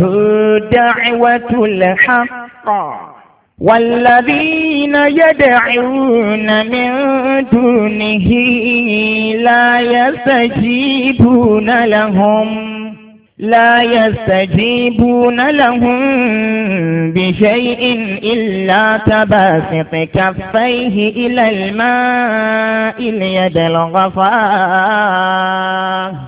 هو دعوة الحق والذين يدعون من دونه لا يستجيبون لهم لا يستجيبون لهم بشيء إلا تباسط كفيه إلى الماء ليبلغ فاه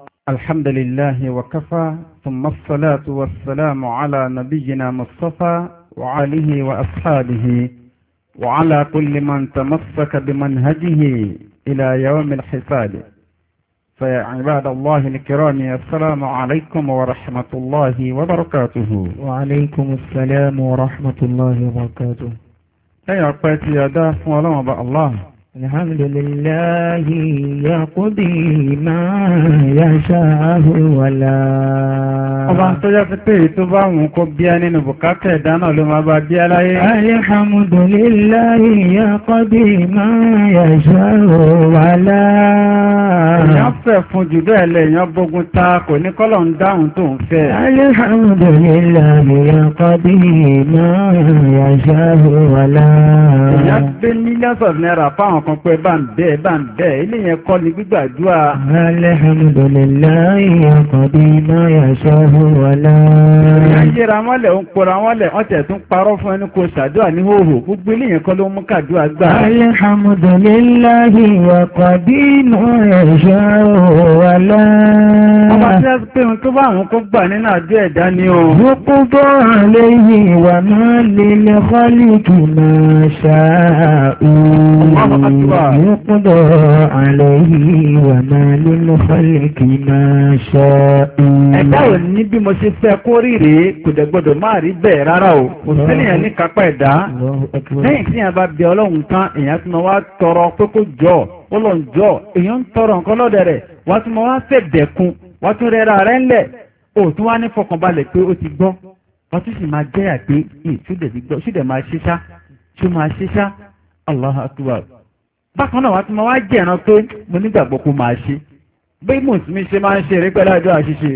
الحمد لله وكفى ثم الصلاة والسلام على نبينا مصطفى وعليه وأصحابه وعلى كل من تمسك بمنهجه إلى يوم الحساب فيا عباد الله الكرام السلام عليكم ورحمة الله وبركاته وعليكم السلام ورحمة الله وبركاته أي أقواتي يا دافع الله الحمد لله يقضي ما يشاء ولا ọba tó yá fi pé ètò bá wọn kó bí a nínú bùkátà ẹ̀dá náà ló máa bá bí aláyé alhamdulillahi yaqdi ma yasha'u wala èèyàn fẹ́ fún jù bẹ́ẹ̀ lẹ èèyàn bógun ta kò ní kọ́lọ̀ ń dáhùn tó ń fẹ́. alihamudulilayi yakọ́bí náà yàṣà wàlá. èèyàn gbé millions of naira fáwọn kan pé bá ń bẹ́ẹ̀ bá ń bẹ́ẹ̀ ilé kọ́ ni gbígbàdúrà. alihamudulilayi yakọ́bí náà yàṣà wàlá. èèyàn yẹra mọ́lẹ̀ ń pora mọ́lẹ̀ wọ́n tẹ̀ tún parọ́ fún ẹni kò ṣàdúrà ní hòhò gbogbo ilé yẹn kọ́ ló mú kàdúrà gbà. alihamudulilayi yakọ́bí náà ìṣòro wà lẹ́ẹ̀. ọba tí wọ́n pè ń tó bá àwọn kó gbà nínú àjọ ẹ̀dá ni o. gbogbo bọ́ọ̀rọ̀ lẹ́yìn ìwà máa lè lè kọ́lì kì máa ṣáàù. gbogbo bọ́ọ̀rọ̀ lẹ́yìn ìwà máa ẹ̀dá ò ní bí mo ṣe fẹ́ kó rí kò dẹ̀ gbọ́dọ̀ rí bẹ́ẹ̀ rárá o kò sílẹ̀ ní kápá ẹ̀dá lẹ́yìn tí yẹn bá bẹ ọlọ́run tán èèyàn tún wá tọrọ pé kó jọ ó lọ ń jọ èèyàn ń tọrọ nǹkan lọ́dọ̀ rẹ̀ wá tún mọ wá fẹ́ dẹ̀kun wá tún rẹra rẹ̀ ńlẹ̀ ó tún wá ní fọkànbalẹ̀ pé ó ti gbọ́ wá tún sì máa jẹ́yà pé ṣúdẹ̀ ti gbọ́ ṣúdẹ̀ máa ṣíṣá ṣú máa ṣíṣá Allahu Akbar bákan náà wá tún mọ wá jẹ́ ẹ̀ràn pé mo nígbàgbọ́ kó máa ṣe bí mùsùlùmí ṣe máa ń ṣe eré pẹ̀lú àjọ àṣìṣe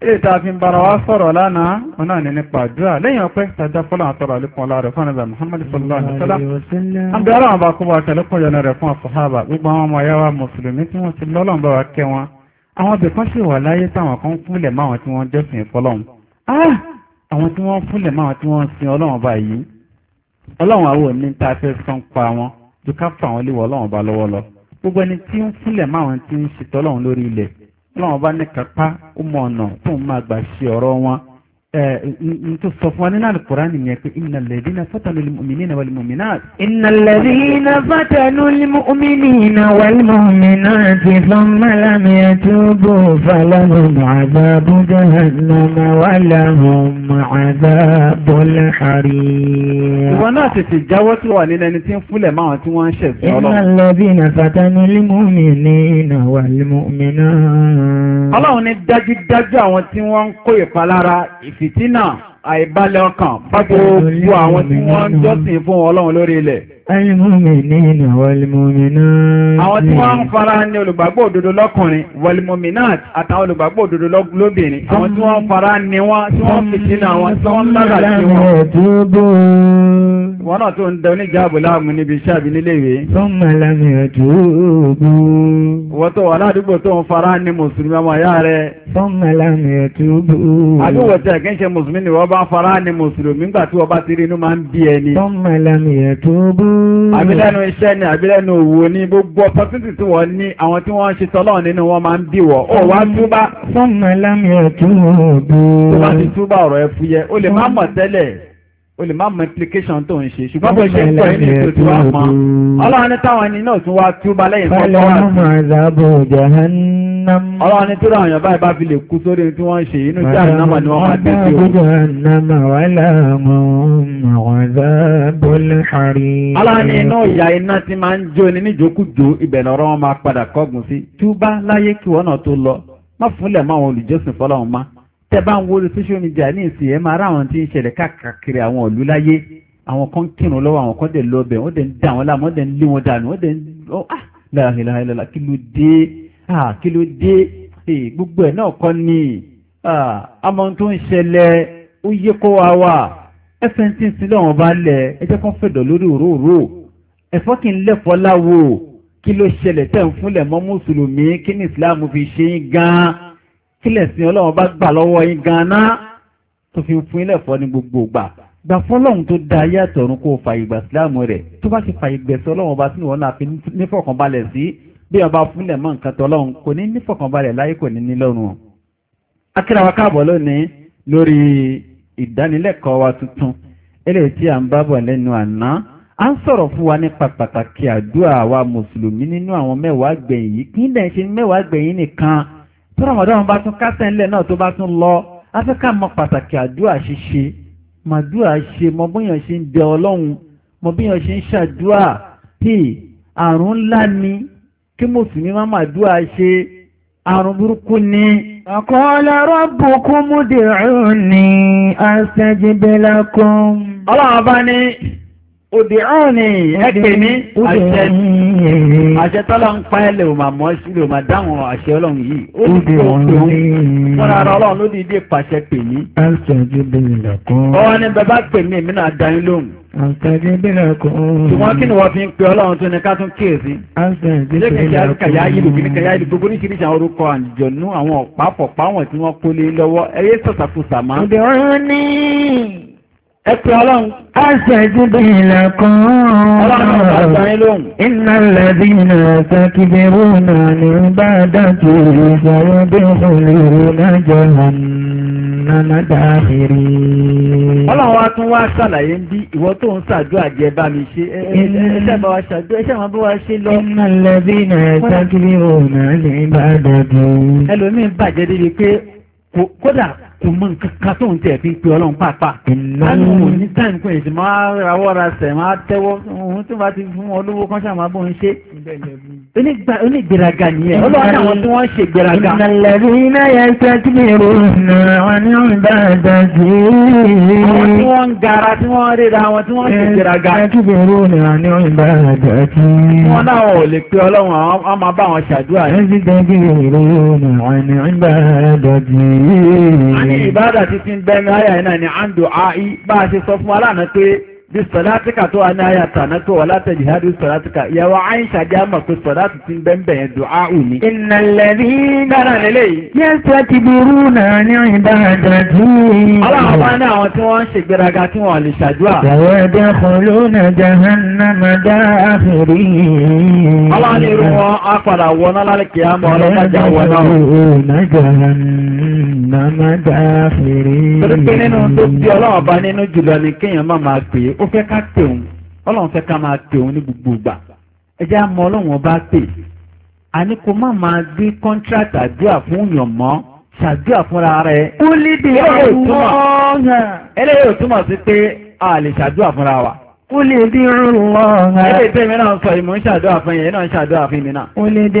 èta fi ń bára wá sọ̀rọ̀ lánàá ọ̀nà ní nípa àdúrà lẹ́yìn ọpẹ́ tàjá fọ́lá àtọ́rọ̀ àlékún ọlọ́rẹ̀ fún ànàbà Muhammad sallallahu alaihi wasallam ń bẹ ọlọ́run bá kúbọ̀ àtẹ̀lẹ́kùn yọ̀nà rẹ̀ fún àfọ̀hábà gbogbo àwọn ọmọ ayáwa mùsùlùmí tí wọ́n ti lọ́lọ́run bá wa kẹ́ wọn àwọn ibì kan sì wà láyé táwọn kan fúnlẹ̀ máwọn tí wọ́n jọ́sìn fọlọ́run ah! àwọn tí wọ́n fúnlẹ̀ máwọn tí wọ́n sin náà bá ní kápá ó mọ ọ̀nà tó ń máa gbà ṣe ọ̀rọ̀ wọn tó sọ fún wa nínú àlùkùrán nìyẹn pé iná lẹ́dí na fọ́tànù lùmùmìnì náà wàlùmùmìnà. iná lẹ́dí na fọ́tànù lùmùmìnì náà wàlùmùmìnà ti fún mọ́lámi ẹ̀túbù fàlọ́hùn àbábú jahannama wàlàhùn àbábọ́lá àrí. ìwọ náà tètè jáwọ́ tí wà nínú ẹni tí ń fúnlẹ̀ máwọn tí wọ́n ń ṣẹ̀ sí ọlọ́run. iná lẹ́dí na fọ́tànù lùmùmìnì náà wàlùmùmìnà. ọlọ́run ní dájúdájú àwọn tí wọ́n ń kó ìpalára ìfi fìtínà àìbalẹ̀ ọkàn fún gbogbo àwọn tí wọ́n ń jọ́sìn fún Ọlọ́run lórí ilẹ̀. Alìmọ́mìnì nà wọlìmọ́mìnà. Àwọn tí wọ́n ń fara ní olùgbàgbọ́ òdodo lọ́kùnrin, wọlìmọ́mìnà àtàwọn olùgbàgbọ́ òdodo lóbìnrin. Àwọn tí wọ́n ń fara ní wọ́n tí wọ́n fi sínú àwọn tí wọ́n lára sí wọn. Wọ́n náà tó ń da oníjàbò láàmú níbi iṣẹ́ àbí nílé ìwé. Sọ́mọ̀lámì ẹ̀dùgbò. Wọ́n tó wà ládùúgbò tó ń fara ní Mùsùlùmí ọmọ ìyá rẹ̀. Sọ́mọ̀lámì ẹ̀dùgbò. Àdúgbò tẹ̀ kí ń ṣe Mùsùlùmí ni wọ́n bá ń fara ní Mùsùlùmí nígbà tí wọ́n bá ti rí inú máa ń bí ẹni. Sọ́mọ̀lámì àbílẹ́nu iṣẹ́ ni àbílẹ́nu òwò ni gbogbo ọpọtútù tí wọ́n ní àwọn tí wọ́n ń ṣe tọ́lọ́ nínú wọn máa ń bí wọ́ ó wá túbá fún mẹ́lámi ẹ̀tún òbí tó bá ti túbá ọ̀rọ̀ ẹ fúyẹ́ ó lè má mọ̀ tẹ́lẹ̀ o lè má mọ implication tó ń ṣe ṣùgbọ́n bó ṣe ń pọ̀ ní ètò tí wọ́n mọ́ ọlọ́run ní táwọn ẹni náà tún wá tí ó bá lẹ́yìn fún ọlọ́run ọlọ́run ọlọ́run ní tó dáhùn yàn báyìí bá fi lè kú sórí tí wọ́n ń ṣe inú tí àrùn náà ni wọ́n máa dé sí o. ọlọ́run ní iná ìyá iná ti máa ń jó ni níjókòjó ibẹ̀ lọ́rọ́ wọn máa padà kọ́gùn sí túbá láyé kí wọ́n náà tó lọ má fúnlẹ̀ máa wọn olùjọ́sìn máa tẹ́bá ń wo social media ní ìsìn ẹ̀ máa ráwọn tí ń ṣẹlẹ̀ káàkiri àwọn òlú láyé àwọn kan kírun lọ́wọ́ àwọn kan dẹ̀ lọ bẹ̀ wọ́n dẹ̀ ń dà wọ́n láàmú wọ́n dẹ̀ ń lé wọn dànù wọ́n dẹ̀ ń lọ ah láàrínláàrínláà kí ló dé ah kí ló dé gbogbo ẹ̀ náà kọ́ ni ah àmọ́ tó ń ṣẹlẹ̀ ó yẹ kó wa wà ẹsẹ̀ tí ń sin lọ́wọ́n bá lẹ̀ ẹ jẹ́ kó fẹ̀dọ̀ lórí òróró ẹ̀fọ́ kì í lẹ́fọ́ láwo kí ló ṣẹlẹ̀ tẹ̀ ń fúnlẹ̀ mọ́ mùsùlùmí kí ni ìsìláàmù fi ṣe é gan-an kílẹ̀ sí ọlọ́run bá gbà lọ́wọ́ yín gan-an tó fi fún ilẹ̀ fọ́ ní gbogbo ìgbà gbà fọ́lọ́run tó da ayé àtọ̀run kó fa ìgbà síláàmù rẹ̀ tó bá ti fa ìgbẹ̀sẹ̀ ọlọ́run bá sínú ọ̀nà àfi nífọ̀kànbalẹ̀ sí bí ọba fúnlẹ̀ mọ́ nǹkan tọ́lọ́run kò ní nífọ̀kànbalẹ̀ láyé kò ní nílọ́run. akírawa káàbọ̀ lónìí lórí ìdánilẹ́kọ̀ọ́ wa tuntun eléyìí tí à ń bábọ̀ lẹ́nu àná a ń sọ̀rọ̀ fún wa nípa pàtàkì àdúrà wa mùsùlùmí nínú àwọn mẹ́wàá gbẹ̀yìn kí tó ramadan bá tún kásẹ̀ ńlẹ̀ náà tó bá tún lọ afẹ́ká mọ pàtàkì àdúrà ṣíṣe màdúrà ṣe mọ bóyàn ṣe ń bẹ ọlọ́run mọ bóyàn ṣe ń ṣàdúrà pé àrùn ńlá ni kí mùsùlùmí má màdúrà ṣe àrùn burúkú ni. Àkọ́ọ́lá rọ́bù kú múdìrún ni àṣẹ́jìbẹ́lákùn. Ọlọ́run bá ní òdìránì ẹ̀pẹ̀ ní àṣẹ tọ́lọ ń pa ẹlẹ̀ òmà mọ́ sílẹ̀ òmà dáhùn àṣẹ ọlọ́run yìí ó sì tó òun fún ara ọlọ́run ló dìde pàṣẹ pè mí. ọwọ́ ni bàbá pè mí èmi náà dá yín lóhùn. ṣùgbọ́n kí ni wọ́n fi ń pe ọlọ́run tó ní ká tún kíyèsí. ṣé kìí ṣe kàyà ìlú kìíní kàyà ìlú gbogbo ní kìíní ṣe àwọn orúkọ àjọ̀nú àwọn ọ̀pá-pọ̀pá wọn tí wọ́n kólé lọ́wọ́ ẹ̀yẹ́ sọ̀sàkùsà máa. òdìránì Ẹ̀kẹ́ ọlọ́run. A ṣẹ̀jú bí ìlẹ̀kùn ọlọ́run. Iná lẹ́bí náà sọ́kíbi rúnà ní bá dájú ìṣòro bí òṣèlú lájọ nánà dáhìrí. Ọlọ́run wa tún wá ṣàlàyé ń náà sọ́kíbi kò mọ nǹkan kan tó ń tẹ̀ fi pe ọlọ́run pàápàá. lánàá ní táìmù kò yẹn ti máa rawọ́ sẹ̀ máa tẹ́wọ́ òun tó bá ti fún ọ kan ṣáà máa ṣe onígbèraga nìyẹn ọlọ́wọ́ táwọn tí wọ́n ṣe gbèraga. ìnàlẹ́rí iná yẹn ṣe tí mi rò náà wọn ní ń bá ẹ̀dá sí i. àwọn tí wọ́n ń gara tí wọ́n ríra àwọn tí wọ́n ṣe gbèraga. ẹ̀ tí mi rò náà ní ń bá ẹ̀dá sí i. wọ́n náà ò lè pe ọlọ́run àwọn á máa bá wọn ṣàdúrà. ẹ̀ tí mi rò náà wọn ní ń bá ẹ̀dá sí i. a ní ìbáradà títí ń bẹ́ẹ̀ bí sọ̀látìkà tó wà ní àyàtà náà tó wà látẹ̀lì hádìí sọ̀látìkà ìyàwó àìṣà jẹ́ àmọ̀ pé sọ̀látì ti ń bẹ́ẹ̀ yẹn dùn áhùn ni. ìnàlẹ́bí dára lélẹ̀ yìí. yẹ́ sọ ti burú náà ní ìdáradà jù. ọlọ́run bá ní àwọn tí wọ́n ń ṣègbéraga tí wọ́n lè ṣàdúrà. ìyàwó ẹ̀dẹ́ kọlu náà jahannama dá máa dáfìrí. torí pé nínú tó bí ọlọ́run bá nínú jùlọ ni kéèyàn má máa pè é ó fẹ́ ká pè ọlọ́run fẹ́ ká máa pè ní gbogbo ìgbà ẹ jẹ́ ọlọ́run ọba pè àní kò má máa gbé contract àdúrà fún yàn mọ́ ṣàdúrà fúnra rẹ̀. kúlídì ọlọ́ọ̀hà. eléyìí ò túmọ̀ sí pé a lè ṣàdúrà fúnra wa. kúlídì ọlọ́ọ̀hà. eléyìí tẹ́mi náà sọ ìmọ̀ ń ṣàdúrà fún yẹn náà náà. kúlídì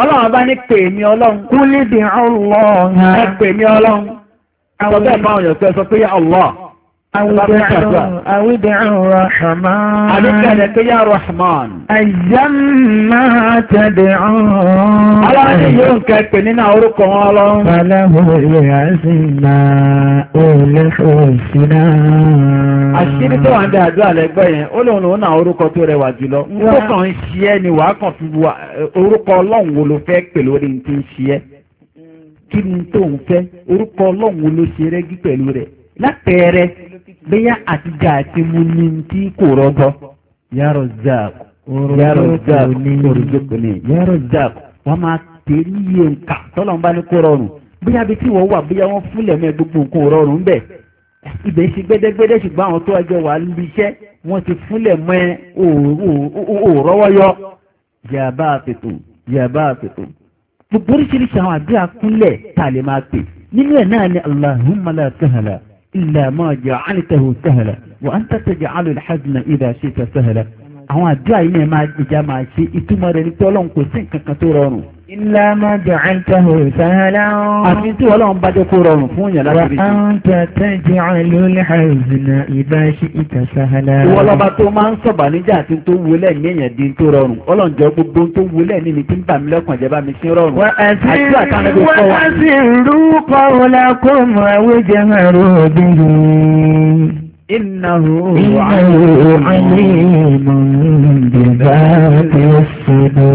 ọlọ́run bá ní pèmí ọlọ́run kúlídìí ọlọ́run ẹ pèmí ọlọ́run àwọn bẹ́ẹ̀ máa yọ̀ sọ pé Allah أودع الرحمن عليك لك يا رحمن أيما تدعون على a أن nke ń bẹ àdúrà lẹ́gbẹ́ yẹn ó lóun lòun náà orúkọ tó rẹwà jùlọ ń ni wàá kàn fi orúkọ ọlọ́run wo ló fẹ́ pè lórí ti ń kí ni tó ń fẹ́ orúkọ ọlọ́run wo bẹ́yà àtijọ́ àti mu ní tí kò rọ́gbọ́. ya Razzaq ya Razzaq oríjìkùnì ya Razzaq wọ́n máa pè é níye nǹka tọ́lọ́n bá ní kó rọrùn bóyá bí tí wọ́n wà bóyá wọ́n fúnlẹ̀ mẹ́ gbogbo nǹkan rọrùn bẹ́ẹ̀ ibẹ̀ ṣe gbẹ́dẹ́gbẹ́dẹ́ ṣùgbọ́n àwọn tó ẹjọ́ wà níbi iṣẹ́ wọ́n ti fúnlẹ̀ mọ́ ẹ òòrọ́wọ́ yọ yàbá àpètò yàbá àpètò gbogbo oríṣiríṣi àwọn àdúrà kúnlẹ̀ tá lè máa pè nínú ẹ̀ náà ni Allahumma la sahla إلا ما جعلته سهلا وأنت تجعل الحزن إذا شئت سهلا àwọn àdúrà yìí ni ẹ máa ìjà máa ṣe ìtumọ̀ rẹ̀ ní tọ́lọ́ kò sí nǹkan kan tó rọrùn Ilá máa jẹ àìtàhù sáàlá ọ́n. Àfi tí wọ́n lọ́n bá jẹ́ kó rọrùn fún ìyànlá lórí. Wà á ń tàtà jẹ́ àlólè àìsìnà ìbá ṣe ìta sáàlá. Ìwọ́n lọ́ba tó máa ń sọ̀bà níjà àti tó wulẹ̀ ní èèyàn di tó rọrùn. Ọlọ́run jẹ́ gbogbo tó wulẹ̀ ní mi tí ń bà mí lọ́kàn jẹ́ bá mi sí rọrùn. Wà á sì rú kọ́ọ̀lá ìbáàdì òṣèlú.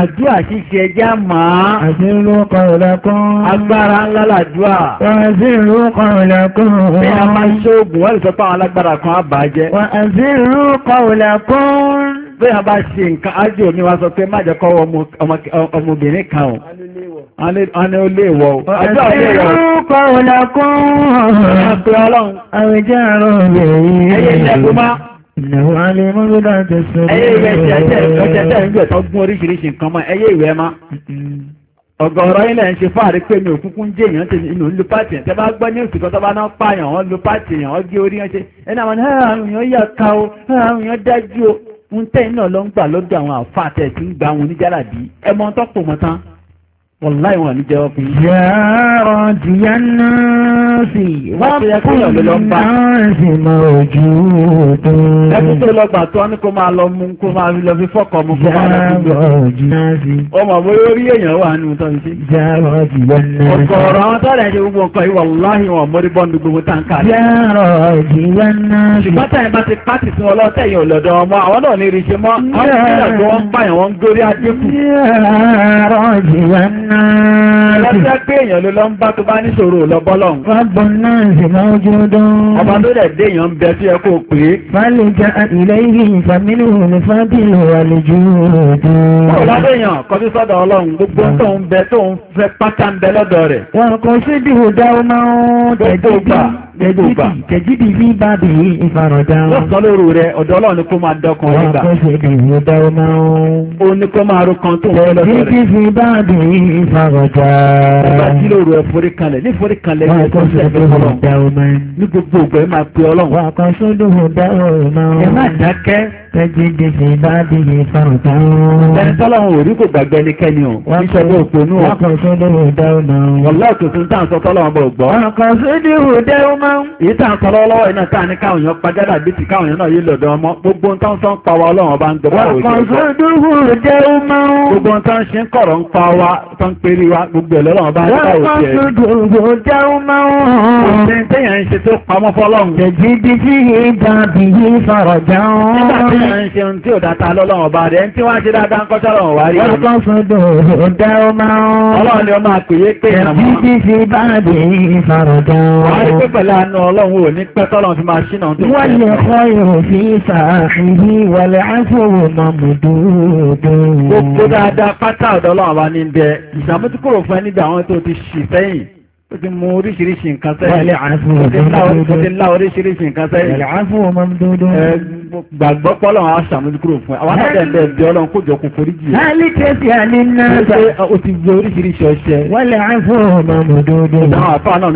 Àdúrà ṣíṣe ẹjá máa. Àṣírò kọ̀ọ̀lẹ́kún. Agbára ńlá làdúrà. Àṣírò kọ̀ọ̀lẹ́kún. Bí a máa ṣóògùn, wọ́n lè sọ pé àwọn alágbára kan á bàájẹ́. Àṣírò kọ̀ọ̀lẹ́kún. Bí a bá ṣe nǹkan ájò ní wa sọ pé má jẹ́ kọ́ ọmọbìnrin kan o. Àní ó lè wọ̀ o. Àdúrà ó lè wọ̀ o. Àṣírò kọ̀ọ̀lẹ́kún. Àpè ọlọ́run. Àwùjọ àrùn yẹ̀yẹ́. Ẹyẹ ìṣẹ́gun máa. Ìyàwó alẹ́ mọ́ ló dáa jẹ sọ. Ẹyẹ ìwé ti ẹjẹ ń ṣe fáàrí pé mi òkúnkún jẹ́ èèyàn ti inú lu pàtì ẹ̀. Tẹ́ gbọ́ ní òsì kan tó náà pààyàn wọn lu pàtì èèyàn gé orí ẹ̀ ṣe. àwọn àrùn yẹn yà ká o, àrùn yẹn dájú o. Ń tẹ́yìn náà lọ lọ́dọ̀ àwọn àfa àtẹ̀ tí ń gba àwọn oníjàlá bíi. Ẹ tọ́pọ̀ mọ́ Wọ̀láì wọn ní jẹ́wọ́ fi. Yàrá ti yá náà sí. Wọ́n ti yẹ kí ọ̀lẹ́ lọ bá. Náà sì mọ ojú tó. Ẹkún tó lọ gbà tó ní kó máa lọ mú kó máa lọ fi fọ́kọ̀ mú kó máa lọ fi gbọ́. Yàrá ojú náà sí. Ọmọ bóyá orí èèyàn wà nínú tọ́ sí. Yàrá ojú náà sí. Ọ̀gọ̀rọ̀ àwọn tọ́lẹ̀ ṣe gbogbo nǹkan yìí wọ̀láì wọn mórí bọ́ndù gbogbo táǹkà. Yàrá ti pátì sí Lọ́jọ́ pé èèyàn ló lọ ń bá tó bá níṣòro lọ bọ́lọ̀n. Rọ́bùn náà sì máa ń jó dán. Ọba tó dẹ̀ dé èèyàn ń bẹ sí ẹkọ́ pé. Fálẹ̀ jẹ́ ilẹ̀ ìrì ìfàmílì òní fábìlì wà lè ju òde. Ọ̀lọ́dọ̀ kọ sí sọ́dọ̀ Ọlọ́run gbogbo tó ń bẹ tó ń fẹ́ pátá ń bẹ lọ́dọ̀ rẹ̀. Wọn kò sí ìdìbò dá ó máa ń tẹ̀gbẹ́gbà tẹ̀jìdì bí bàbí ìfaradà. Lọ́sọ̀ lóru rẹ̀ ọ̀dọ̀ Ọlọ́run ni kó máa dọkàn rẹ̀ gbà. Wọn kò sí ìdìbò dá ó máa ń. Ó ní kó máa ro kan tó ń bẹ lọ́dọ̀ rẹ̀. bí bàbí fàrọ̀jà. nígbà tí ló rò ẹ̀fọ́rí kanlẹ̀ ní ìfọ́rí kanlẹ̀ ní ẹ̀kọ́ sí ẹ̀fẹ́ ọlọ́run. ní gbogbo ògbẹ́ ẹ máa pe ọlọ́run. wà á kan sódò hàn dá ọ̀rọ̀ náà. ẹ má dákẹ́. kẹ́jì gbèsè bá dìde fàrọ̀jà. ẹni tọ́lọ́run ò rí kò gbàgbé ẹnikẹ́ni o. wà á kan sódò hàn dá ọ̀rọ̀ náà. wọ́lá tuntun tá à ń sọ tọ́lọ́run bọ̀ gbọ́. wà á kan sódò hàn dá ọ̀rọ̀ náà. èyí tó ń pèrè wa gbogbo ẹ̀lọ́lọ́wọ́ bá ń dá òkè ẹ̀. wọ́n kọ́ gbogbo dáhùn máa ń hàn. kò sí ń ṣe tó pamọ́ fọlọ́run. jẹ̀jì bí sí ìdá bí yí sọ̀rọ̀ dáhùn. nígbà tí wọ́n ń ṣe ohun tí ò dáta lọ́lọ́wọ́ bá rẹ̀ ẹni tí wọ́n á ṣe dáadáa ń kọ́ sọ́lọ́wọ́ wá rí. wọ́n kọ́ gbogbo dáhùn máa ń ọlọ́run ni ó máa pè é pé jẹ̀jì bí sí ìdá bí yí sọ̀rọ̀ dáhùn. wọ́n á ìṣàmójúkòrò fún ẹni bí àwọn tó ti ṣì sẹ́yìn ó ti mú oríṣiríṣi nǹkan sẹ́yìn ó ti lá oríṣiríṣi nǹkan sẹ́yìn gbàgbọ́ pọ́lọ̀ àwọn aṣàmójúkúrò fún ẹ àwọn àtàkẹ́ ẹ̀bẹ̀ ẹ̀bẹ̀ ọlọ́run kò jọ kò forí jì. hali kẹsì àní náà ti gbé náà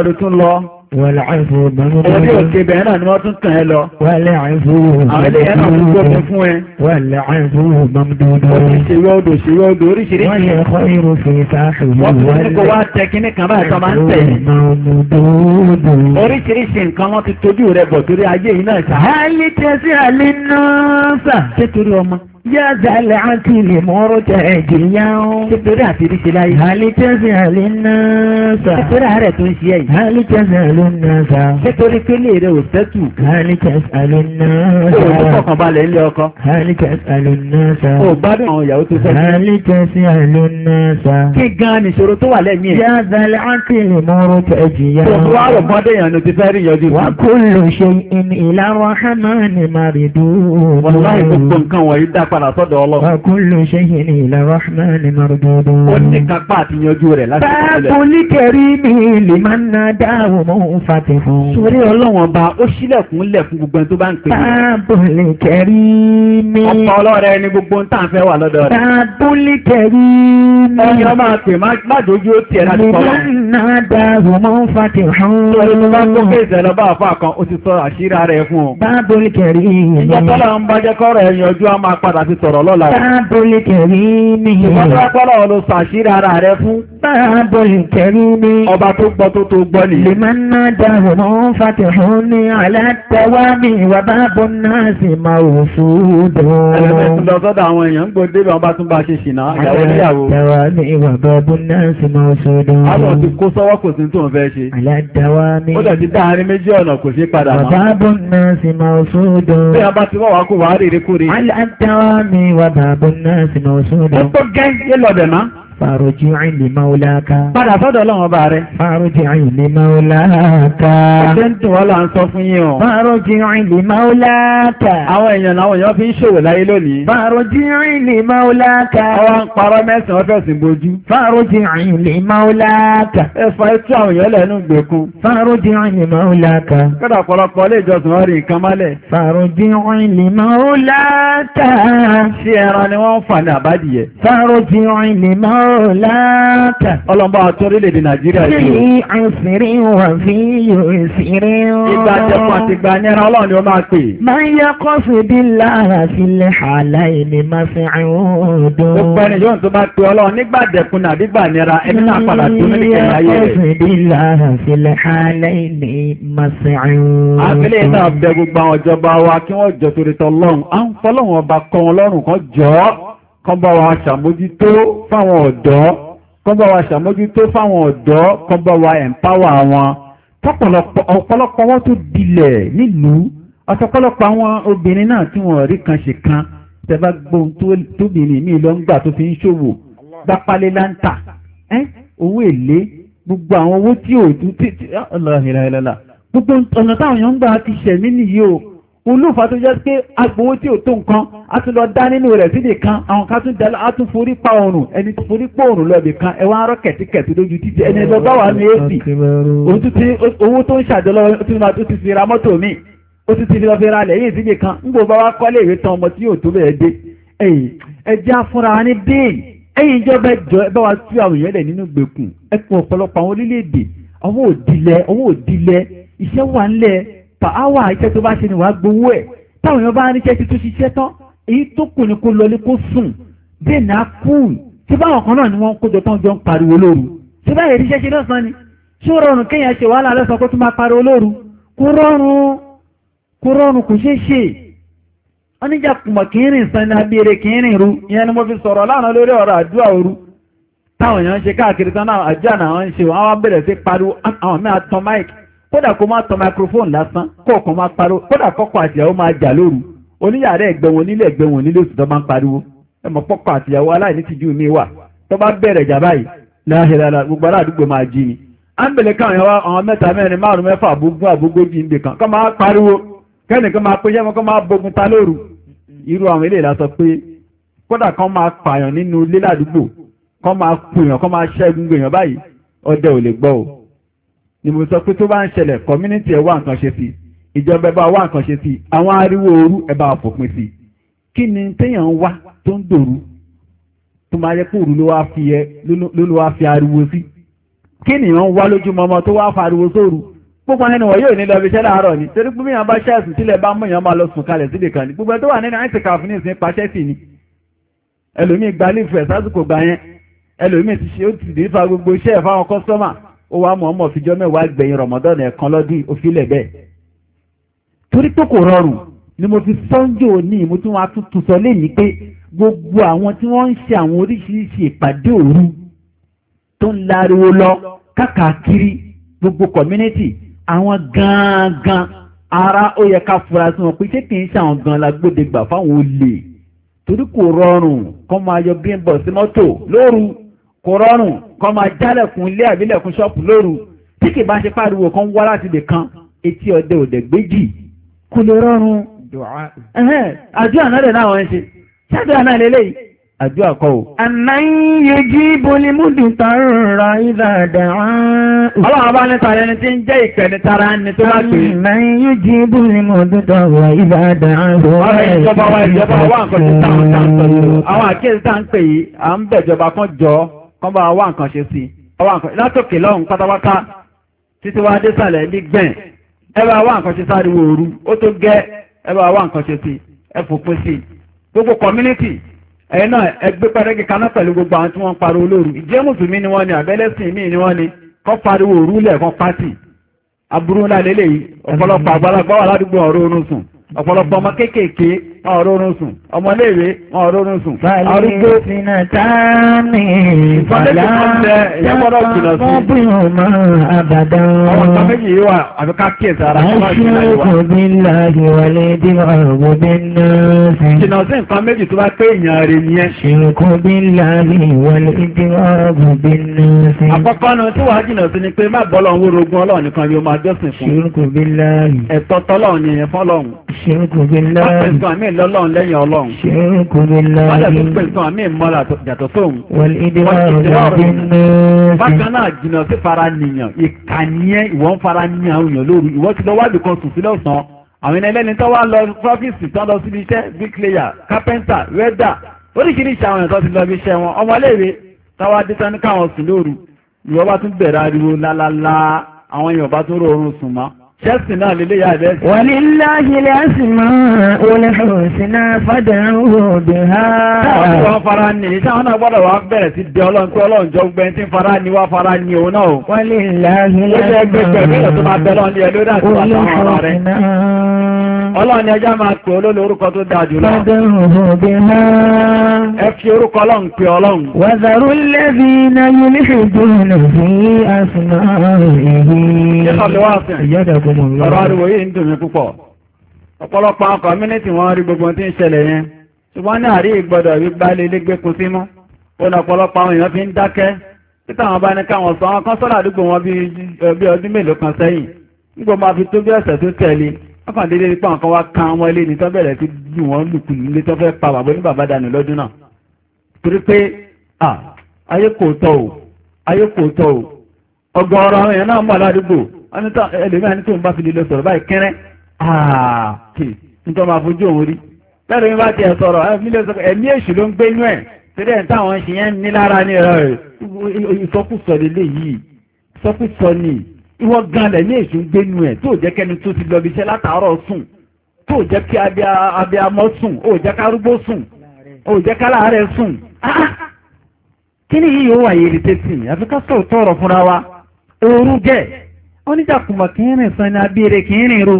ló dẹ̀ ti Wàlẹ̀ àìfò bẹ̀rẹ̀ bẹ̀rẹ̀. Ẹni òkè bẹ̀rẹ̀ náà ni wọ́n tún tàn ẹ lọ. Wàlẹ̀ àìfò bẹ̀rẹ̀. Àwọn ilé ẹ̀nà tún gbọ́dọ̀ fún ẹ. Wàlẹ̀ àìfò bẹ̀rẹ̀. Ṣèwé odò oríṣiríṣi. Wọ́n Wọ́n ti tójú rẹ̀ bọ̀ torí ayé yìí náà ṣá. Hálí tẹ́sí àlínú sà. Ṣé ọmọ? yá zàlẹ̀ àti ilẹ̀ mọ́rọ́ tẹ ẹ̀jẹ̀ yá ń. kékeré àti ìdíje láyé. halitẹ́sì àlẹ́ náà sà. kékeré àárẹ̀ tó ń ṣe yìí. halitẹ́sì àlẹ́ náà sà. kékeré kélé rẹ̀ ò tẹ́tù. halitẹ́sì àlẹ́ náà sà. o ò fọkàn balẹ̀ ilé ọkọ. halitẹ́sì àlẹ́ náà sà. o gbádùn àwọn ìyàwó tó fẹ́. halitẹ́sì àlẹ́ náà sà padà sọ́dọ̀ ọlọ́run. Wa kullu shay'in ila rahmani mardud. Ó ní kápá àti yanjú rẹ̀ láti ìpínlẹ̀. Báàbù níkẹ̀rí mi lè máa ń na dáàbò mọ́ fàtẹ̀ fún. Sori ọlọ́run ọba ó sílẹ̀kùn lẹ̀ fún gbogbo ẹni tó bá ń pè é. Báàbù níkẹ̀rí mi. Ọ̀pọ̀ ọlọ́rẹ̀ ni gbogbo ń tàn fẹ́ wà lọ́dọ̀ rẹ̀. Báàbù níkẹ̀rí mi. Ẹni ọmọ àpè wa. Lè máa ń na dáàbò mọ́ fàtẹ̀ fún. Sori tó bá gbọ́ pé ìṣẹ̀lẹ̀ bá àfọ àkàn ó ti sọ ti tọ̀rọ̀ lọ́la. Báàbòlì kẹ̀rí mi. Ìmọ̀tọ́ ọpọlọ ló sàṣírí ara rẹ fún. Báàbòlì kẹ̀rí mi. Ọba tó gbọ́ tó tó gbọ́ nìyí. Lè máa ná dàrú mọ́ fàtẹ̀hún ní alátẹ̀wá mi wà báàbò náà sì máa wò fúdò. Ẹlẹ́mẹ̀ tún lọ sọ́dọ̀ àwọn èèyàn ń gbòdé bí wọ́n bá tún bá ṣe ṣìnà ìyàwó níyàwó. Alátẹ̀wá mi wà báàbò náà sì máa wò fúdò. Àwọn ti kó sọ́wọ́ kò sí tó ń fẹ́ ṣe. Alátẹ̀wá mi. Ó dẹ̀ ti dáhàrin méjì ọ̀nà kò sí padà mọ́. Wà báàbò náà sì máa wò fúdò. Bí a bá ti wọ́ mi wà bàbá náà sì mọ̀ ó tó gẹ́ yé lọ́dẹ̀ náà. Fàrùjìrìn lè máa láàká. Padà sọ́dọ̀ ọlọ́run ọba rẹ̀. Fàrùjìrìn lè máa láàká. Ṣé ń tún ọlọ́run sọ fún yín o? Fàrùjìrìn lè máa láàká. Àwọn èèyàn làwọn èèyàn fi ń ṣòwò láyé lónìí. Fàrùjìrìn lè máa láàká. Àwọn ń parọ́ mẹ́sàn-án fẹ̀sìn bojú. Fàrùjìrìn lè máa láàká. Ẹ fa etí àwọn èèyàn lẹ́nu dọ́ọ̀láàtà. ọlọ́mbà àti orílẹ̀-èdè nàìjíríà yìí. sí àṣírí wà fi òṣìírí wọn. ìgbà jẹ̀kọ́ àti ìgbà nira ọlọ́run ni ó máa pè. máa ń yẹ kọ́sù bí lára sílẹ̀ àlá ìní máa fi àrùn dùn. ó pẹ́ni yóò tó bá pe ọlọ́run nígbà jẹ̀kun àbí gbà nira ẹni náà padà tó ní ìkẹyà ayé rẹ̀. máa ń yẹ kọ́sù bí lára sílẹ̀ àlá ìní máa fi àrùn dùn. àfẹ́lẹ́ ìta ọ̀bẹ gbogbo àwọn ìjọba wa kí wọ́n jọ torí tọ́lọ́run à kan bá wa ṣàmójútó fáwọn ọ̀dọ́ kan bá wa ṣàmójútó fáwọn ọ̀dọ́ kan bá wa empower wọn ọ̀pọ̀lọpọ̀ wọn tó dilẹ̀ nílùú ọ̀sọ̀pọ̀lọpọ̀ àwọn obìnrin náà tí wọ́n rí kan ṣe kan tẹ́bá gbóhun tóbìnrin míì lọ ń gbà tó fi ń ṣòwò gbápálé láńtà owó èlé gbogbo àwọn owó tí ò tún tí ah, ọ̀nà táwọn èèyàn ń gbà ti ṣẹ̀mí nìyí o olúfa tó jẹ́ pé agbowó tí ò tó nǹkan a tún lọ dá nínú rẹ̀ síbi kan àwọn kan tún dẹ́lá a tún forí pa òrùn ẹni tó forí pa òrùn lọ́ọ̀bì kan ẹwà arọ́ kẹ̀tíkẹ̀tí lójú títí ẹni lọ bá wà ní èsì owó tó ń ṣàjọlọ tí wọ́n ti fi ra mọ́tò mi ó ti ti fi lọ fi ra lẹ́yìn síbi kan ń gbò bá wá kọ́lé ìwé tán ọmọ tí yóò tó bẹ́ẹ̀ dé ẹjẹ́ afúnra ní bẹ́ẹ̀ ẹ̀yìn ìjọba ẹjọ́ ẹ bá wa tú àwọn èèyàn lẹ̀ nínú gbèkùn ẹkùn ọ̀pọ̀lọpọ̀ àwọn orílẹ̀-èdè àwọn òdìlẹ̀ àwọn òdìlẹ̀ iṣẹ́ wà ńlẹ̀ pàáwà iṣẹ́ tó bá ṣe ni wàá gbowó ẹ̀ táwọn èèyàn bá níṣẹ́ ti tún ṣiṣẹ́ tán èyí tó kù ni kó lọlé kó sùn dènà kù tí báwọn kan náà ni wọ́n kójọ tán jọ ń pariwo lóru tí báyìí ríṣẹ́ ṣe lọ́sàn-án ni ṣó rọrùn kéèyàn ṣe wàhálà lọ́sàn kó tún máa pariwo lóru kó rọrùn kó rọrùn kò ṣeé ṣe oníjà kùmọ̀ kì í rìn san ní abẹ́rẹ́ kì í rìn ru ìyẹn ni mo fi sọ̀rọ̀ lánàá lórí ọ̀rọ̀ àdúrà òru táwọn èèyàn ń ṣe káàkiri tán náà àjọ àná àwọn ń ṣe wọn á wá bẹ̀rẹ̀ sí pariwo àwọn mẹ́ta tán máìkì kódà kó máa tọ microphone lásán kọ̀ọ̀kan máa pariwo kódà kọ́kọ́ àtìyàwó máa jà lóru oníyàrá ẹ̀gbẹ́ wọn nílé ẹ̀gbẹ́ wọn nílé òsì tó máa ń pariwo ẹ mọ̀ pọ́kọ̀ àtìyàwó aláìní tìjú mi wà tó bá bẹ̀rẹ̀ jà báyìí láhìlára gbogbo aládùúgbò máa jí ni à ń bèlè káwọn yàrá àwọn mẹ́ta mẹ́rin márùn mẹ́fà àbúgbó àbúgbójì ń bè kan kọ́ máa pariwo kẹ́nìkan máa péjẹ́ wọn kọ́ máa bogun ta lóru irú àwọn ilé ìlà sọ pé kódà kan máa pààyàn nínú ilé ládùúgbò kan máa pùyàn kan máa ṣẹ́gun gbèyàn báyìí ọdẹ ò lè gbọ́ o ni mo sọ pé tó bá ń ṣẹlẹ̀ community ẹ̀ wá nǹkan ṣe sí ìjọba ẹ̀ bá wá nǹkan ṣe sí àwọn ariwo ooru ẹ̀ bá fòpin sí kí ni téèyàn ń wá tó ń dòru tó máa yẹ kóòrù ló wá fi ẹ ló ló wá fi ariwo sí kí nìyàn ń wá lójúmọmọ tó wá fa ariwo sóòru gbogbo ẹni wọ̀nyí ò ní lọ ibiṣẹ́ láàárọ̀ ni torí gbogbo èèyàn bá ṣẹ́ẹ̀sì sílẹ̀ bá mú èèyàn máa lọ sùn kalẹ̀ sílẹ̀ kan ni gbogbo ẹ̀ tó wà nínú àìsàn kàfínì sí paṣẹ́ ni ẹlòmíì gbalẹ̀ ìfẹ́ sásìkò gbà yẹn ẹlòmíì ti ṣe ó ti dé fa gbogbo iṣẹ́ ẹ̀ fáwọn kọ́sọ́mà ó wá mọ̀ ọmọ fìjọ́ mẹ́wàá gbẹ̀yìn rọ̀mọ́dọ́nà ẹ̀kan lọ́dún òfilẹ̀ bẹ́ẹ̀ torí pé kò rọrùn ni mo fi sọ́njọ́ òní mo tún wá tún tún sọ lẹ́yìn pé gbogbo àwọn tí wọ́n ń ṣe àwọn oríṣiríṣi ìpàdé òru tó ń lariwo lọ káàkiri gbogbo community àwọn gangan ara ó yẹ ká fura sí wọn pé ṣé kì í ṣe àwọn gan la gbódegbà fáwọn olè torí kò rọrùn kọ́ máa yọ green bus sí mọ́tò lóru kò rọrùn kọ́ máa jálẹ̀kùn ilé àbílẹ̀kùn ṣọ́ọ̀pù lóru tí kì bá ń ṣe pariwo kan wá láti lè kan etí ọdẹ òdẹ gbéjì kò lè rọrùn àdúrà náà rẹ̀ náà wọ́n ń ṣe ṣáàdúrà náà lélẹ́yìí àdúrà kọ́ o. àná yíye jí bolí múdù tààrà ìdàdà áhùn. ọlọ́run bá ní tààrà ẹni tí ń jẹ́ ìpẹ́ ní tààrà ẹni tó bá pè àná yíye jí bolí múdù tààrà ìdàdà áhùn. ọ̀rọ̀ ìjọba wa ìjọba wa nǹkan ti tàn tàn tàn. àwọn àkíyèsí tá à ń pè yìí à ń bẹ̀jọba kan jọ kán bá wá nǹkan ṣe sí látòkè lọ́hùn pátápátá títí wá dé sàlẹ̀ ebe awa bá wá nǹkan ṣe sáriwo òru ó tó gẹ́ ẹ bá wá nǹkan ṣe sí gbogbo community ẹ̀yìn náà ẹgbẹ́ pẹ́rẹ́gì kaná pẹ̀lú gbogbo àwọn tí wọ́n pariwo lóru mùsùlùmí ni wọ́n ni àbẹ́lẹ́sìn míì ni wọ́n ni kọ́ pariwo òru lẹ́ẹ̀kan pátì aburú ńlá lélẹ́yìí ọ̀pọ̀lọpọ̀ àgbàlagbà wà ládùúgbò ọ̀rọ̀ orun sùn ọ̀pọ̀lọpọ̀ ọmọ kéékèèké wọn ò rọrùn sùn ọmọléèwé wọn ò rọrùn sùn arúgbó. sinà tánì ìfọ̀lá yàtọ̀ mọ́ àbàdàn. àwọn ọ̀sán méjì yìí wà àbí ká kí ẹ̀sẹ̀ ara wọn ṣe láyé wa. aṣọ́kù bí láàyè wọlé ọ̀rọ̀ bí náà. jìnnà sí nǹkan méjì tó bá pé èèyàn rẹ̀ nìyẹn. ṣèkó bí láàyè wọlé bí ọ̀rọ̀ bí náà. àkọ́kọ́ nu tí wàá jìnnà sí ni pé má bọ́ lọ́hún orogún ọlọ́run nìkan yóò máa jọ́sìn fún. ṣèkó bí láàyè. ẹ̀tọ́ lọ́lọ́run lẹ́yìn ọlọ́run. ṣé kò ní lọ rí. wọ́n tún pè fún àmì ìmọ́ra yàtọ̀ sóhun. wọ́n ìdí ọ̀rọ̀ ìdí mẹ́ẹ̀ẹ́sì. àwọn ẹlẹ́ni tó wá lọ prọfíìsì tó lọ síbi iṣẹ́ bíkìlẹ̀yà kápẹ́ńtà wẹ́dà oríṣiríṣi àwọn ẹ̀tọ́ ti lọ bí iṣẹ́ wọn ọmọléèwé táwa dé tán káwọn sùn lóru ìwọ́n tún bẹ̀rẹ̀ ariwo lálálá àwọn èèyàn tún rọrùn sùn mọ́ Ṣẹ́sìn náà lè léyà ẹ̀bẹ́ sí. Wọ́n ní láàájí lè á sì máa olóòrùn sí náà fádà òbí ha. Táwọn tí wọ́n fara ní, táwọn náà gbọ́dọ̀ wá bẹ̀rẹ̀ sí dẹ ọlọ́run tó ọlọ́run jọ gbẹ́ tí fara ní wá fara ní òun náà. Wọ́n ní láàájí á sì máa olóòrùn sí náà fádà ha. Ọlọ́run ni ẹjá máa pè olólo orúkọ tó dáa jùlọ. Ẹ fi orúkọ Ọlọ́run pè Ọlọ́run. Wàzàrú lẹ́bí iná yìí ní ṣèjúmọ̀nà sí àsìnà èyí. Ṣé ọ̀lẹ́ wá sẹ̀? Ìyáda kò mọ̀ Ọ̀rọ̀ ariwo yìí ń dùn mí púpọ̀. Ọ̀pọ̀lọpọ̀ kọ̀mínítì wọn Títà àwọn bá káwọn sọ àwọn kan àdúgbò wọn eh, bí ọdún mélòó kan sẹ́yìn. Nígbà máa fi tó bí ọ̀sẹ̀ tó tẹ̀lé ọkàndínlé nípa nǹkan wá kan wọn ilé ní tó bẹ̀rẹ̀ sí bí wọ́n lùkù nílé tó fẹ́ pa bàbá ní bàbá dànù lọ́dún náà torí pé ayé kò tọ́ o ayé kò tọ́ o ọgọ́rọ̀ èèyàn náà mọ̀ ládùúgbò ẹlòmíràn ní tóun bá fi lè lọ sọ̀rọ̀ báyìí kẹ́rẹ́ ààkè nítorí máa fojú òun rí lẹ́rìí bá tiẹ̀ sọ̀rọ̀ ẹ̀mí èṣù ló ń gbé inú ẹ̀ torí ẹ̀ táwọn ṣìyẹn ní lára ní ẹ̀rọ ìsọkúsọ ìwọ ganlẹ̀ ní èṣù gbénu ẹ̀ tó jẹ́ kẹ́ni tó ti lọ́bi iṣẹ́ látàárọ̀ sùn tó jẹ́ kí abiyamọ sùn ó jẹ́ kárúgbó sùn ó jẹ́ kálàárẹ̀ sùn ah, ah. kí ni yìí yóò wà yìí rìtẹ́ àfi ká sọ̀rọ̀ tọ̀rọ̀ fúnra wa ooru gẹ̀ oníjàkùmọ̀ kì í rìn sanni abiyere kì í rìn ro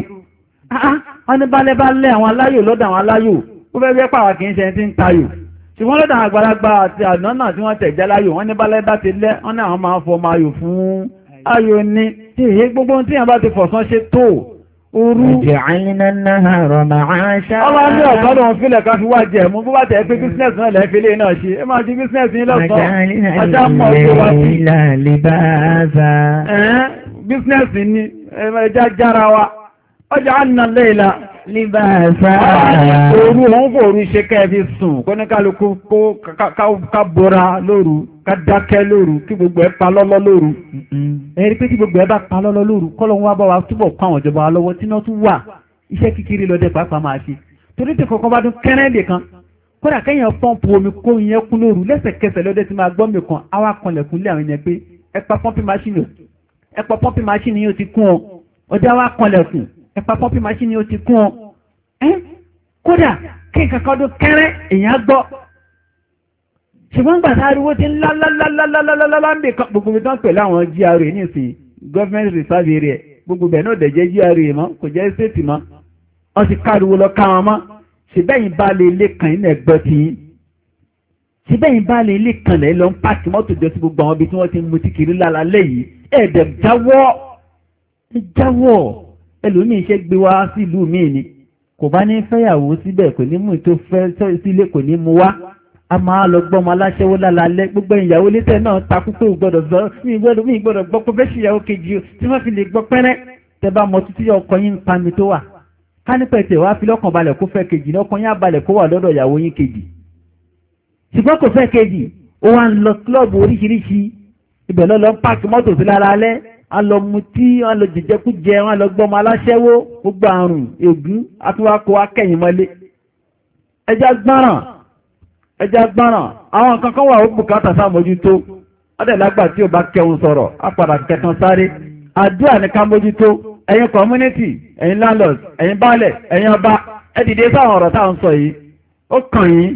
ah, ọni balẹ̀balẹ̀ àwọn aláyò lọ́dọ̀ àwọn aláyò ó fẹ́ fẹ́ pàwà kì í ṣe ti ń tayò ṣùgbọ́n lọ́dọ̀ àgbàlagbà àti àdánà tí wọ́n tẹ̀ jáláyò wọ́n ní balẹ̀ bá ti lẹ́ wọ́n ní àwọn máa ń fọ ayò fún ayò ní Ìhé gbogbo tí a bá ti fọ̀sán ṣe tó orú. Ìjẹ̀álínà náà rọ̀ máa ṣá. Ọlá ní ọ̀sán lòun fílẹ̀ ká fi wá jẹ mú bó bá tẹ̀ pé bísínẹ̀sì náà lẹ́ fi lé náà ṣe. Ẹ máa ṣe bísínẹ̀sì yín lọ́sàn-án. Ajá mọ̀ tó wá sí. Bísínẹ̀sì ni ẹja jára wa. Ọjà ànà lẹ́yìnlá. Líbàṣá. Orú òun kò rú ṣe kẹ́ẹ̀fí sùn, kó ní kálukú ká bọ́ra lóru, ká dákẹ́ lóru, kí gbogbo ẹ pa lọ́lọ́ lóru. Ẹ̀rí pé kí gbogbo ẹ bá pa lọ́lọ́ lóru, kọ́lọ́hún wá bá wa túbọ̀ kọ́ àwọn ìjọba wa lọ́wọ́ tí náà tún wà. Iṣẹ́ kékeré lọ́dẹ pàápàá máa ṣe. Torí tí kọ̀ọ̀kan bá dún kẹ́rẹ́ǹdì kan, kódà kẹ́yìn pọ́ǹpù omi kó yẹn kú lóru lẹ́sẹ̀kẹsẹ̀ lọ́dẹ ti máa ẹ̀pà pọ́pì machine ó ti kún ọ kódà kí nǹkan kan ọdún kẹrẹ èèyàn gbọ́ ṣùgbọ́n gbà sáriwo ti ńlálálálálálálá ń bè kan gbogbo mi tán pẹ̀lú àwọn GRA nísìnyí government reserve area gbogbo bẹ̀ náà dẹ̀jẹ́ GRA mọ́ kò jẹ́ state mọ́ wọ́n ti káriwo lọ ká wọn mọ́ ṣèbẹ́yìn bá lè lé kàn ní ẹ̀gbọ́n ti yín ṣèbẹ́yìn bá lè lé kàn lẹ́yìn lọ ń pààkì mọ́tò jọ sí gbogbo àwọn ibi tí wọ́n ti mutí kiri lálálẹ́ yìí ẹ̀ẹ́dẹ̀ jáwọ́ jáwọ́ ẹlòmíì ṣe gbé wá sílùú míì ni kò bá ní fẹ́yàwó síbẹ̀ kò ní mú tó fẹ́ sílé kò ní mú wá a máa lọ gbọ́ ọmọ aláṣẹ́wó lálalẹ́ gbogbo ìyàwó létẹ̀ náà takú pé gbọ́dọ̀ sọ mí gbọ́dọ̀ mí gbọ́dọ̀ gbọ́ pé bẹ́ẹ̀ ṣìyàwó kejì tí wọ́n fi lè gbọ́ pẹ́rẹ́ tẹ́ bá mọ títí ọkọ yín ń pami tó wà ká ní pẹ̀tẹ̀ wá fi lọ́kàn balẹ̀ kó fẹ́ kejì lọ́kàn yín abalẹ̀ kó wà lọ́dọ̀ ìyàwó yín kejì ṣùgbọ́n kò fẹ́ kejì ó wá ń lọ kílọ̀bù oríṣiríṣi ibẹ̀ lọ́lọ́ ń pààkì mọ́tò sí lálalẹ́ alọ́mutí alọ́jẹ̀jẹ̀kújẹ wọn alọ́gbọ́mọ aláṣẹ́wó gbogbo àrùn ègún atúwákọ akẹ́yìnmọ́lé ẹjá gbọ́ràn ẹjá gbọ́ràn àwọn kankan wà ó bùkátà sáàmójútó adẹ́lágbà tí ó bá kẹun sọ̀rọ̀ apàdà kẹtàn sáré àdúrà ní ká mójútó ẹ̀yin community ẹ̀yin landlords ẹ̀yin baálẹ̀ ẹ̀yin ọba ẹ dìde sáwọn ọ̀rọ̀ táà ń sọ yìí ó kàn yín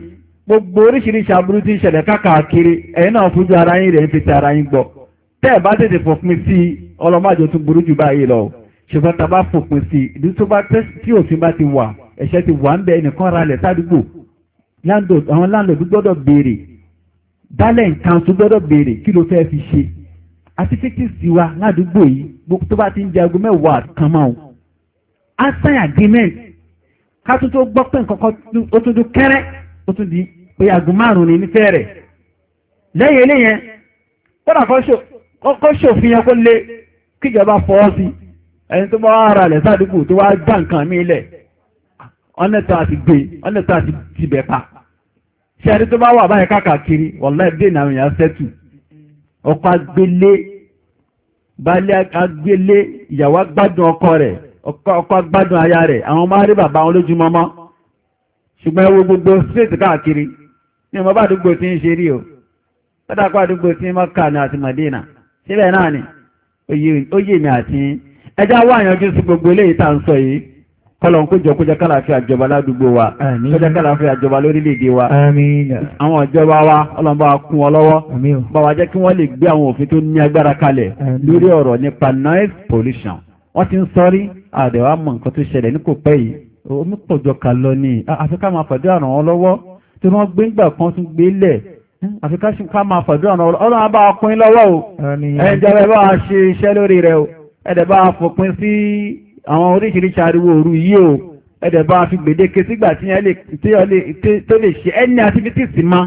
gbogbo oríṣiríṣi aburú tí ń ṣẹlẹ̀ káàkiri ẹ̀yin náà fojú ara yín rẹ̀ ń fi ti ara yín gbọ́ tẹ́ ẹ̀ bá tètè fòpin sí ọlọ́mọ́jọ tó burú jù báyìí lọ ṣùgbọ́n tá a bá fòpin sí ìdí tó bá tẹ́ tí òfin bá ti wà ẹ̀ṣẹ̀ ti wà ń bẹ ẹnìkan ra lẹ̀ sádùúgbò àwọn láńlọ́ọ̀dù gbọ́dọ̀ béèrè dálẹ̀ nǹkan tó gbọ́dọ̀ béèrè kí ló fẹ́ fi ṣe àti fíkì sí wa ládùúgbò yìí tó bá ti ń jẹ aago mẹ́wàá kan máa ń assign agreement ká tó tó gbọ́ pé nǹkan kan ó tún dún kẹ́rẹ́ ó tún di pé aago márùn-ún ní nífẹ̀ẹ́ rẹ̀ lẹ́yìn kọ́kọ́ ṣòfin yẹn kó lé kíjọba fọwọ́ sí ẹni tó bá wá ra sádùkù tó wá já nǹkan mi lẹ̀ ọ̀nẹ́tọ̀ àti gbé ọ̀nẹ́tọ̀ àti tibẹ̀ pa ṣe ẹni tó bá wà báyìí káàkiri wọ̀lá ẹgbẹ́ ìnáwó yẹn sẹ́tù ọkọ agbélé balẹ̀ agbélé ìyàwó agbádùn ọkọ rẹ̀ ọkọ agbádùn aya rẹ̀ àwọn máa rí bàbá wọn lójúmọ́mọ́ ṣùgbọ́n ewu gbogbo síréètì káàkiri ní ọmọ bá àdúgbò tí ń ṣe rí o bá dàpọ̀ àdúgbò tí ń mọ́ kà síbẹ̀ náà ni ó yé mi àti ẹjá wà yanjú sí gbogbo eléyìí tá à ń sọ yìí kọlọ̀n kó jọ jẹ́ kálàáfíà àjọba ládùúgbò wa kó jẹ́ kálàáfíà àjọba lórílẹ̀-èdè wa àwọn ìjọba wa ọlọ́mbà kún wọn lọ́wọ́ jẹ́ kí wọ́n lè gbé àwọn òfin tó ní agbára kalẹ̀ lórí ọ̀rọ̀ nípa noise pollution wọ́n ti ń sọ́rí mọ̀ nǹkan tó ṣẹlẹ̀ ní kò pẹ́ yìí omi pọ̀jọ kà lọ àfikà máa àfi ká máa fàdúrà ọlọ́run abá ọkùnrin lọ́wọ́ o ẹjọba ẹ bá a ṣe iṣẹ́ lórí rẹ o ẹ̀dẹ̀ bá fòpin sí àwọn oríṣiríṣi ariwo òru yìí o ẹ̀dẹ̀ bá fi gbèdéke sígbà tí ẹ lè tó lè ṣe ẹni activities ma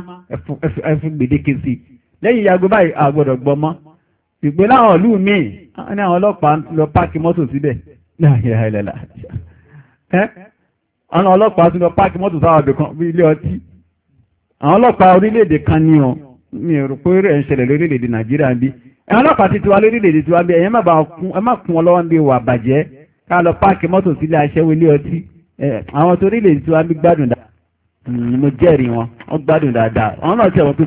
ẹ fi gbèdéke sí lẹ́yìn ìyàgò báyìí àgbọ̀dọ̀ gbọ́ mọ́ ìpè láwọn ìlú míì ní àwọn ọlọ́pàá lọ páàkì mọ́tò síbẹ̀ láàyè àìlẹ́lá ọ̀nà ọlọ́pàá tún lọ páàkì mọ́tò sáwọn ibìkan bí ilé ọtí àwọn ọlọ́pàá orílẹ̀-èdè kan ní ọ mi ò rò pé rẹ̀ ṣẹlẹ̀ lórílẹ̀-èdè nàìjíríà bí àwọn ọlọ́pàá ti tiwa lórílẹ̀-èdè tiwa bí ẹ̀yẹ́ má kún ọ lọ́wọ́ bí wà bàjẹ́ lọ páàkì mọ́tò sílé ọtí àwọn èdè tiwa bí gbádùn dà hmm, mo jẹ́rìí wọn wọ́n gbádùn dáadáa náà pé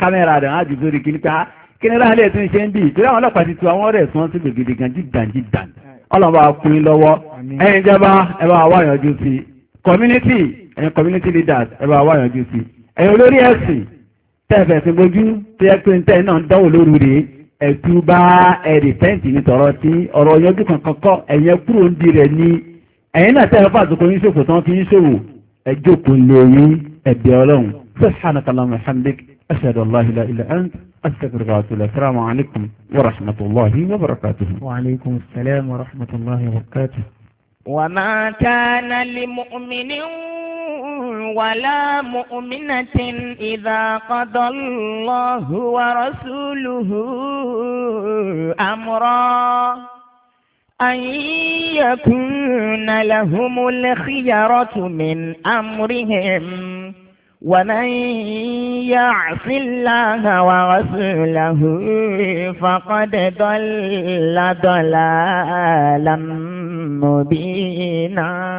kámẹ́rà rẹ̀ wọ́n á sórí ah, kí ẹ̀yin community leaders ẹ bá wá yanjú sí ẹ̀yin olórí ẹ̀sìn tẹ́ẹ̀fẹ̀ sí gbójú tó yẹ pé tẹ́ẹ̀ náà ń dánwò lóru rèé ẹ̀tú bá ẹ̀rì pẹ́ǹtì ní tọ̀rọ̀ tí ọ̀rọ̀ yanjú kankan kọ́ ẹ̀yin kúrò ń di rẹ̀ ní ẹ̀yin náà tẹ́ẹ̀fẹ̀ fàtúkọ yín ṣòfò tán fi yín ṣòwò ẹ jókòó lé yín ẹ̀bẹ̀ ọlọ́run subhanaka allahumma wa hamdik ashhadu an la ilaha illa anta astaghfiruka wa atubu assalamu alaikum wa rahmatullahi wa barakatuh wa alaikum assalam wa rahmatullahi wa barakatuh wa ma kana li mu'minin ولا مؤمنة إذا قضى الله ورسوله أمرا أن يكون لهم الخيرة من أمرهم ومن يعص الله ورسوله فقد ضل ضلالا مبينا